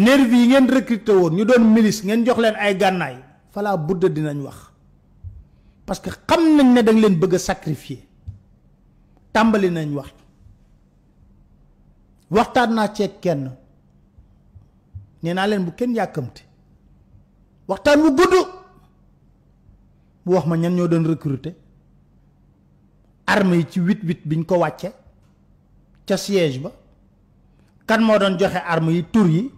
nervi yi ngeen recruter woon ñu doon milice ngeen jox leen ay gànnaay fala budda dinañ wax parce que xam nañ ne dañ leen bëgg sacrifier tàmbali nañ wax waxtaan naa ceeg kenn nee naa leen bu kenn yàkkamte waxtaan bu gudd bu wax ma ñan ñoo doon recruter arme ci biñ ko wàcce ca siège ba kan moo doon joxe arme yi tur yi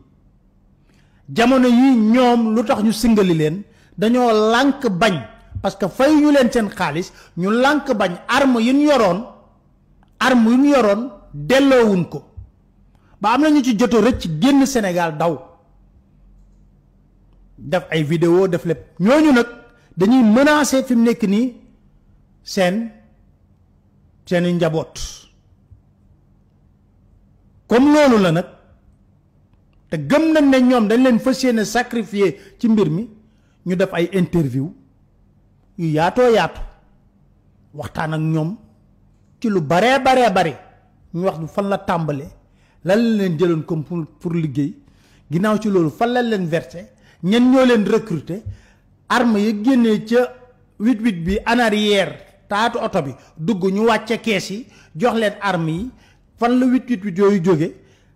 jamono yi ñoom lu tax ñu singali leen dañoo lànk bañ parce que fay ñu leen seen xaalis ñu lànk bañ arme yi yoroon arm yi ñu yoroon delloowuñ ko ba am na ñu ci joto rëcc génn Sénégal daw def ay vidéo def lépp ñooñu nag dañuy mënaase fi mu nekk nii seen seeni njaboot comme loolu la nag te gëm nañ ne ñoom dañ leen sacrifier ci mbir mi ñu def ay interview yu yaatoo yaatu waxtaan ak ñoom ci lu baree baree ñu wax fan la lan leen comme pour pour versé ñen ñoo recruter arme en arrière taatu oto bi dugg ñu wàcce kees yi jox leen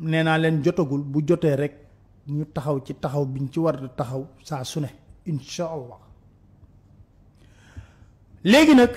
nee naa leen jotagul bu jotee rek ñu taxaw ci taxaw biñ ci war taxaw saa su ne incha allah léegi nag